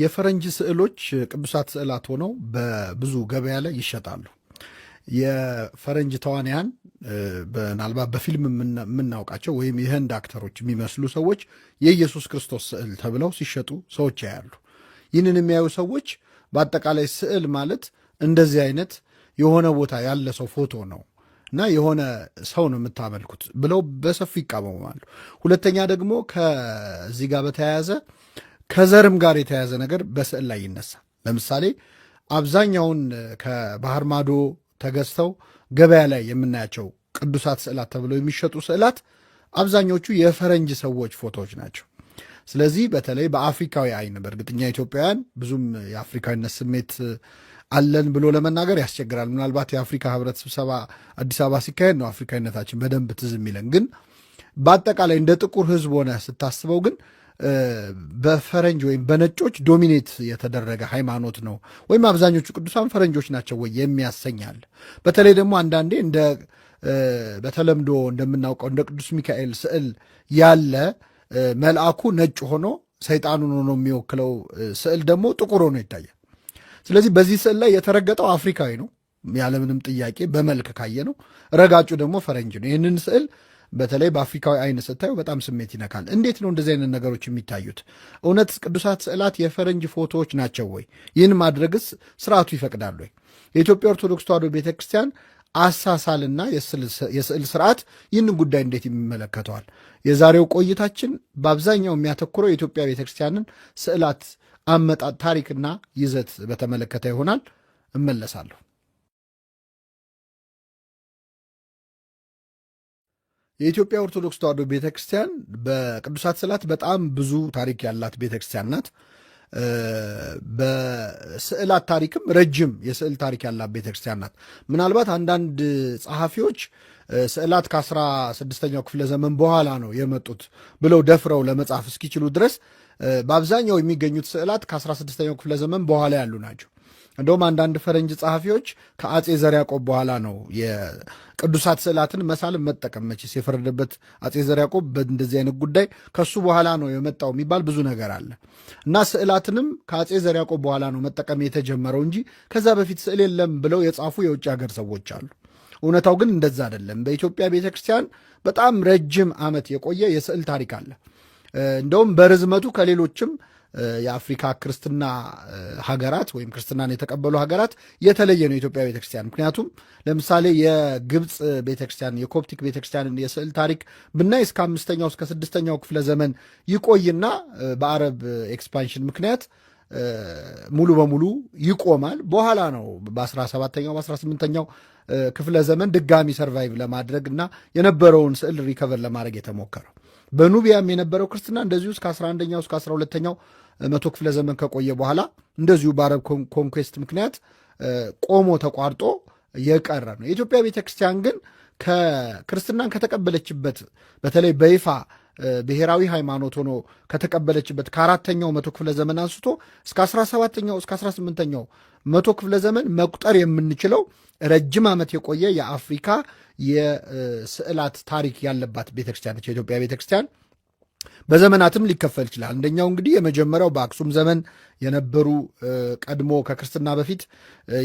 የፈረንጅ ስዕሎች ቅዱሳት ስዕላት ሆነው በብዙ ገበያ ላይ ይሸጣሉ። የፈረንጅ ተዋንያን ምናልባት በፊልም የምናውቃቸው ወይም የህንድ አክተሮች የሚመስሉ ሰዎች የኢየሱስ ክርስቶስ ስዕል ተብለው ሲሸጡ ሰዎች ያያሉ። ይህንን የሚያዩ ሰዎች በአጠቃላይ ስዕል ማለት እንደዚህ አይነት የሆነ ቦታ ያለ ሰው ፎቶ ነው እና የሆነ ሰው ነው የምታመልኩት ብለው በሰፊ ይቃወማሉ። ሁለተኛ ደግሞ ከዚህ ጋር በተያያዘ ከዘርም ጋር የተያያዘ ነገር በስዕል ላይ ይነሳል። ለምሳሌ አብዛኛውን ከባህር ማዶ ተገዝተው ገበያ ላይ የምናያቸው ቅዱሳት ስዕላት ተብለው የሚሸጡ ስዕላት አብዛኞቹ የፈረንጅ ሰዎች ፎቶዎች ናቸው። ስለዚህ በተለይ በአፍሪካዊ አይን በእርግጥኛ ኢትዮጵያውያን ብዙም የአፍሪካዊነት ስሜት አለን ብሎ ለመናገር ያስቸግራል። ምናልባት የአፍሪካ ህብረት ስብሰባ አዲስ አበባ ሲካሄድ ነው አፍሪካዊነታችን በደንብ ትዝ የሚለን። ግን በአጠቃላይ እንደ ጥቁር ህዝብ ሆነ ስታስበው ግን በፈረንጅ ወይም በነጮች ዶሚኔት የተደረገ ሃይማኖት ነው ወይም አብዛኞቹ ቅዱሳን ፈረንጆች ናቸው ወይ የሚያሰኛል። በተለይ ደግሞ አንዳንዴ እንደ በተለምዶ እንደምናውቀው እንደ ቅዱስ ሚካኤል ስዕል ያለ መልአኩ ነጭ ሆኖ ሰይጣኑን ሆኖ የሚወክለው ስዕል ደግሞ ጥቁር ሆኖ ይታያል። ስለዚህ በዚህ ስዕል ላይ የተረገጠው አፍሪካዊ ነው ያለምንም ጥያቄ በመልክ ካየ ነው። ረጋጩ ደግሞ ፈረንጅ ነው። ይህንን ስዕል በተለይ በአፍሪካዊ አይን ስታዩ በጣም ስሜት ይነካል። እንዴት ነው እንደዚህ አይነት ነገሮች የሚታዩት? እውነት ቅዱሳት ስዕላት የፈረንጅ ፎቶዎች ናቸው ወይ? ይህን ማድረግስ ስርዓቱ ይፈቅዳል ወይ? የኢትዮጵያ ኦርቶዶክስ ተዋሕዶ ቤተ ክርስቲያን አሳሳልና የስዕል ስርዓት ይህንን ጉዳይ እንዴት ይመለከተዋል? የዛሬው ቆይታችን በአብዛኛው የሚያተኩረው የኢትዮጵያ ቤተ ክርስቲያንን ስዕላት አመጣጥ ታሪክና ይዘት በተመለከተ ይሆናል። እመለሳለሁ። የኢትዮጵያ ኦርቶዶክስ ተዋሕዶ ቤተክርስቲያን በቅዱሳት ስዕላት በጣም ብዙ ታሪክ ያላት ቤተክርስቲያን ናት። በስዕላት ታሪክም ረጅም የስዕል ታሪክ ያላት ቤተክርስቲያን ናት። ምናልባት አንዳንድ ጸሐፊዎች ስዕላት ከአስራ ስድስተኛው ክፍለ ዘመን በኋላ ነው የመጡት ብለው ደፍረው ለመጻፍ እስኪችሉ ድረስ በአብዛኛው የሚገኙት ስዕላት ከአስራ ስድስተኛው ክፍለ ዘመን በኋላ ያሉ ናቸው። እንደውም አንዳንድ ፈረንጅ ጸሐፊዎች ከአጼ ዘር ያቆብ በኋላ ነው የቅዱሳት ስዕላትን መሳል መጠቀም መቼስ የፈረደበት አጼ ዘር ያቆብ በእንደዚህ አይነት ጉዳይ ከሱ በኋላ ነው የመጣው የሚባል ብዙ ነገር አለ እና ስዕላትንም ከአጼ ዘር ያቆብ በኋላ ነው መጠቀም የተጀመረው እንጂ ከዛ በፊት ስዕል የለም ብለው የጻፉ የውጭ ሀገር ሰዎች አሉ። እውነታው ግን እንደዛ አይደለም። በኢትዮጵያ ቤተ ክርስቲያን በጣም ረጅም ዓመት የቆየ የስዕል ታሪክ አለ። እንደውም በርዝመቱ ከሌሎችም የአፍሪካ ክርስትና ሀገራት ወይም ክርስትናን የተቀበሉ ሀገራት የተለየ ነው የኢትዮጵያ ቤተክርስቲያን። ምክንያቱም ለምሳሌ የግብፅ ቤተክርስቲያን የኮፕቲክ ቤተክርስቲያንን የስዕል ታሪክ ብናይ እስከ አምስተኛው እስከ ስድስተኛው ክፍለ ዘመን ይቆይና በአረብ ኤክስፓንሽን ምክንያት ሙሉ በሙሉ ይቆማል። በኋላ ነው በ17ኛው በ18ኛው ክፍለ ዘመን ድጋሚ ሰርቫይቭ ለማድረግ እና የነበረውን ስዕል ሪከቨር ለማድረግ የተሞከረው። በኑቢያም የነበረው ክርስትና እንደዚሁ እስከ 11ኛው እስከ 12ኛው መቶ ክፍለ ዘመን ከቆየ በኋላ እንደዚሁ በአረብ ኮንኩዌስት ምክንያት ቆሞ ተቋርጦ የቀረ ነው። የኢትዮጵያ ቤተክርስቲያን ግን ከክርስትናን ከተቀበለችበት በተለይ በይፋ ብሔራዊ ሃይማኖት ሆኖ ከተቀበለችበት ከአራተኛው መቶ ክፍለ ዘመን አንስቶ እስከ 17ኛው እስከ 18ኛው መቶ ክፍለ ዘመን መቁጠር የምንችለው ረጅም ዓመት የቆየ የአፍሪካ የስዕላት ታሪክ ያለባት ቤተክርስቲያን ነች የኢትዮጵያ ቤተክርስቲያን። በዘመናትም ሊከፈል ይችላል። አንደኛው እንግዲህ የመጀመሪያው በአክሱም ዘመን የነበሩ ቀድሞ ከክርስትና በፊት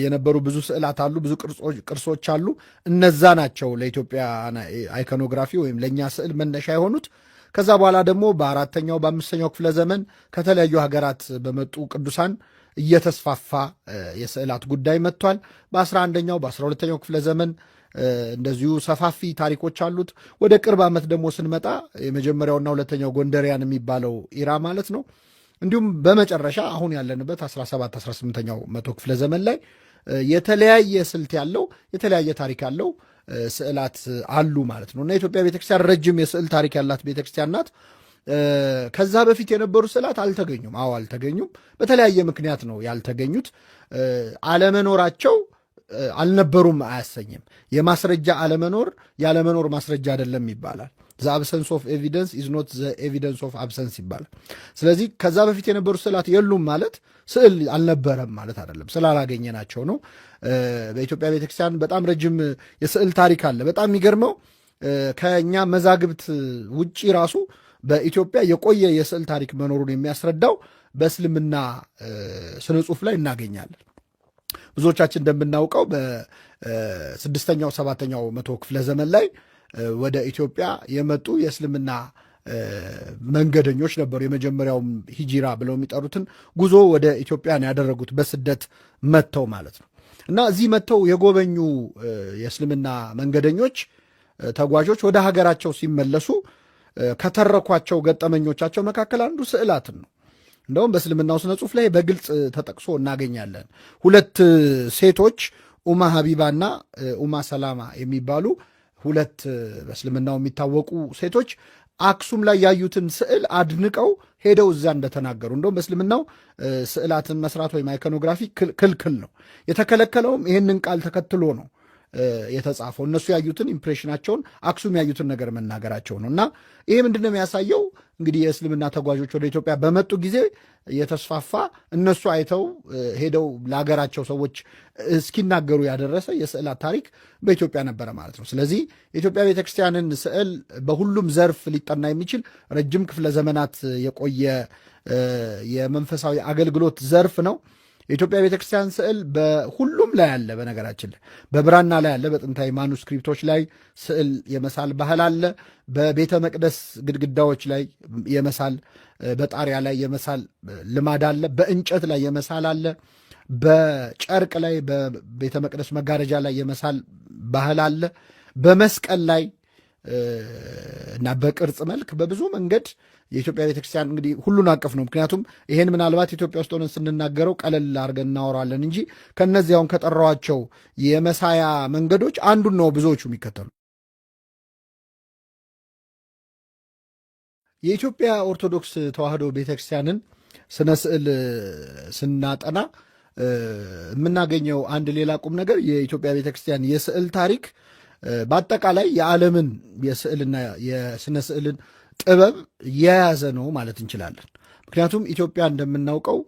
የነበሩ ብዙ ስዕላት አሉ፣ ብዙ ቅርሶች አሉ። እነዛ ናቸው ለኢትዮጵያ አይኮኖግራፊ ወይም ለእኛ ስዕል መነሻ የሆኑት። ከዛ በኋላ ደግሞ በአራተኛው በአምስተኛው ክፍለ ዘመን ከተለያዩ ሀገራት በመጡ ቅዱሳን እየተስፋፋ የስዕላት ጉዳይ መጥቷል። በአስራ አንደኛው በአስራ ሁለተኛው ክፍለ ዘመን እንደዚሁ ሰፋፊ ታሪኮች አሉት። ወደ ቅርብ ዓመት ደግሞ ስንመጣ የመጀመሪያውና ሁለተኛው ጎንደሪያን የሚባለው ኢራ ማለት ነው። እንዲሁም በመጨረሻ አሁን ያለንበት 17 18ኛው መቶ ክፍለ ዘመን ላይ የተለያየ ስልት ያለው የተለያየ ታሪክ ያለው ስዕላት አሉ ማለት ነው እና ኢትዮጵያ ቤተክርስቲያን ረጅም የስዕል ታሪክ ያላት ቤተክርስቲያን ናት። ከዛ በፊት የነበሩ ስዕላት አልተገኙም። አዎ አልተገኙም። በተለያየ ምክንያት ነው ያልተገኙት። አለመኖራቸው አልነበሩም አያሰኝም። የማስረጃ አለመኖር ያለመኖር ማስረጃ አይደለም ይባላል። ዘ አብሰንስ ኦፍ ኤቪደንስ ኢዝ ኖት ዘ ኤቪደንስ ኦፍ አብሰንስ ይባላል። ስለዚህ ከዛ በፊት የነበሩ ስዕላት የሉም ማለት ስዕል አልነበረም ማለት አይደለም፣ ናቸው ነው። በኢትዮጵያ ቤተክርስቲያን በጣም ረጅም የስዕል ታሪክ አለ። በጣም የሚገርመው ከእኛ መዛግብት ውጪ ራሱ በኢትዮጵያ የቆየ የስዕል ታሪክ መኖሩን የሚያስረዳው በእስልምና ስነ ጽሁፍ ላይ እናገኛለን። ብዙዎቻችን እንደምናውቀው በስድስተኛው ሰባተኛው መቶ ክፍለ ዘመን ላይ ወደ ኢትዮጵያ የመጡ የእስልምና መንገደኞች ነበሩ። የመጀመሪያውም ሂጂራ ብለው የሚጠሩትን ጉዞ ወደ ኢትዮጵያን ያደረጉት በስደት መጥተው ማለት ነው። እና እዚህ መጥተው የጎበኙ የእስልምና መንገደኞች ተጓዦች ወደ ሀገራቸው ሲመለሱ ከተረኳቸው ገጠመኞቻቸው መካከል አንዱ ስዕላትን ነው። እንደውም በእስልምናው ስነ ጽሁፍ ላይ በግልጽ ተጠቅሶ እናገኛለን። ሁለት ሴቶች ኡማ ሀቢባና ኡማ ሰላማ የሚባሉ ሁለት በእስልምናው የሚታወቁ ሴቶች አክሱም ላይ ያዩትን ስዕል አድንቀው ሄደው እዛ እንደተናገሩ እንደውም በእስልምናው ስዕላትን መስራት ወይም አይኮኖግራፊ ክልክል ነው። የተከለከለውም ይህንን ቃል ተከትሎ ነው። የተጻፈው። እነሱ ያዩትን ኢምፕሬሽናቸውን፣ አክሱም ያዩትን ነገር መናገራቸው ነው እና ይሄ ምንድን ነው የሚያሳየው? እንግዲህ የእስልምና ተጓዦች ወደ ኢትዮጵያ በመጡ ጊዜ የተስፋፋ እነሱ አይተው ሄደው ለሀገራቸው ሰዎች እስኪናገሩ ያደረሰ የስዕላት ታሪክ በኢትዮጵያ ነበረ ማለት ነው። ስለዚህ የኢትዮጵያ ቤተክርስቲያንን ስዕል በሁሉም ዘርፍ ሊጠና የሚችል ረጅም ክፍለ ዘመናት የቆየ የመንፈሳዊ አገልግሎት ዘርፍ ነው። የኢትዮጵያ ቤተክርስቲያን ስዕል በሁሉም ላይ አለ። በነገራችን ላይ በብራና ላይ አለ፣ በጥንታዊ ማኑስክሪፕቶች ላይ ስዕል የመሳል ባህል አለ። በቤተ መቅደስ ግድግዳዎች ላይ የመሳል በጣሪያ ላይ የመሳል ልማድ አለ። በእንጨት ላይ የመሳል አለ። በጨርቅ ላይ በቤተ መቅደስ መጋረጃ ላይ የመሳል ባህል አለ። በመስቀል ላይ እና በቅርጽ መልክ በብዙ መንገድ የኢትዮጵያ ቤተክርስቲያን እንግዲህ ሁሉን አቀፍ ነው። ምክንያቱም ይሄን ምናልባት ኢትዮጵያ ውስጥ ሆነን ስንናገረው ቀለል አድርገን እናወራለን እንጂ ከእነዚያውን ከጠራዋቸው የመሳያ መንገዶች አንዱን ነው ብዙዎቹ የሚከተሉ። የኢትዮጵያ ኦርቶዶክስ ተዋህዶ ቤተክርስቲያንን ስነ ስዕል ስናጠና የምናገኘው አንድ ሌላ ቁም ነገር የኢትዮጵያ ቤተክርስቲያን የስዕል ታሪክ በአጠቃላይ የዓለምን የስዕልና የስነ ስዕልን ጥበብ የያዘ ነው ማለት እንችላለን። ምክንያቱም ኢትዮጵያ እንደምናውቀው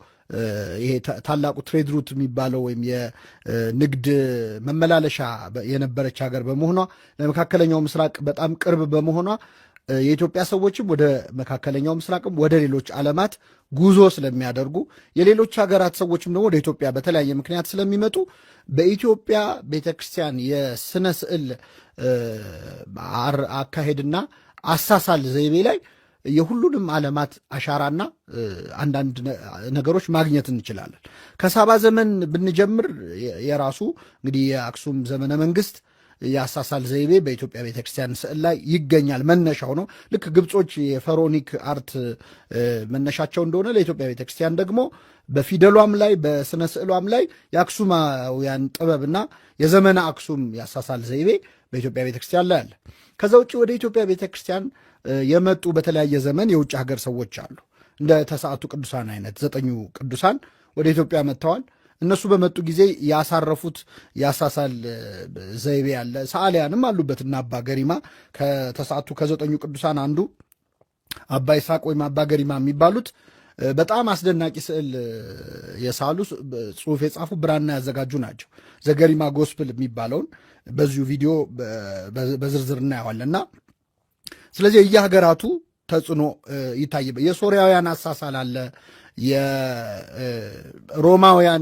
ይሄ ታላቁ ትሬድ ሩት የሚባለው ወይም የንግድ መመላለሻ የነበረች ሀገር በመሆኗ ለመካከለኛው ምስራቅ በጣም ቅርብ በመሆኗ የኢትዮጵያ ሰዎችም ወደ መካከለኛው ምስራቅም ወደ ሌሎች ዓለማት ጉዞ ስለሚያደርጉ የሌሎች ሀገራት ሰዎችም ደግሞ ወደ ኢትዮጵያ በተለያየ ምክንያት ስለሚመጡ በኢትዮጵያ ቤተ ክርስቲያን የስነ ስዕል አካሄድና አሳሳል ዘይቤ ላይ የሁሉንም ዓለማት አሻራና አንዳንድ ነገሮች ማግኘት እንችላለን። ከሳባ ዘመን ብንጀምር የራሱ እንግዲህ የአክሱም ዘመነ መንግስት የአሳሳል ዘይቤ በኢትዮጵያ ቤተክርስቲያን ስዕል ላይ ይገኛል። መነሻው ነው። ልክ ግብጾች የፈሮኒክ አርት መነሻቸው እንደሆነ ለኢትዮጵያ ቤተክርስቲያን ደግሞ በፊደሏም ላይ በስነ ስዕሏም ላይ የአክሱማውያን ጥበብና የዘመነ አክሱም የአሳሳል ዘይቤ በኢትዮጵያ ቤተክርስቲያን ላይ አለ። ከዛ ውጭ ወደ ኢትዮጵያ ቤተክርስቲያን የመጡ በተለያየ ዘመን የውጭ ሀገር ሰዎች አሉ። እንደ ተስዓቱ ቅዱሳን አይነት ዘጠኙ ቅዱሳን ወደ ኢትዮጵያ መጥተዋል። እነሱ በመጡ ጊዜ ያሳረፉት ያሳሳል ዘይቤ ያለ ሰዓሊያንም አሉበት እና አባ ገሪማ ከተሳቱ ከዘጠኙ ቅዱሳን አንዱ አባ ይስሐቅ ወይም አባ ገሪማ የሚባሉት በጣም አስደናቂ ስዕል የሳሉ ጽሑፍ የጻፉ ብራና ያዘጋጁ ናቸው። ዘገሪማ ጎስፕል የሚባለውን በዚሁ ቪዲዮ በዝርዝር እናየዋለንና ስለዚህ የየሀገራቱ ተጽዕኖ ይታይበ የሶሪያውያን አሳሳል አለ የሮማውያን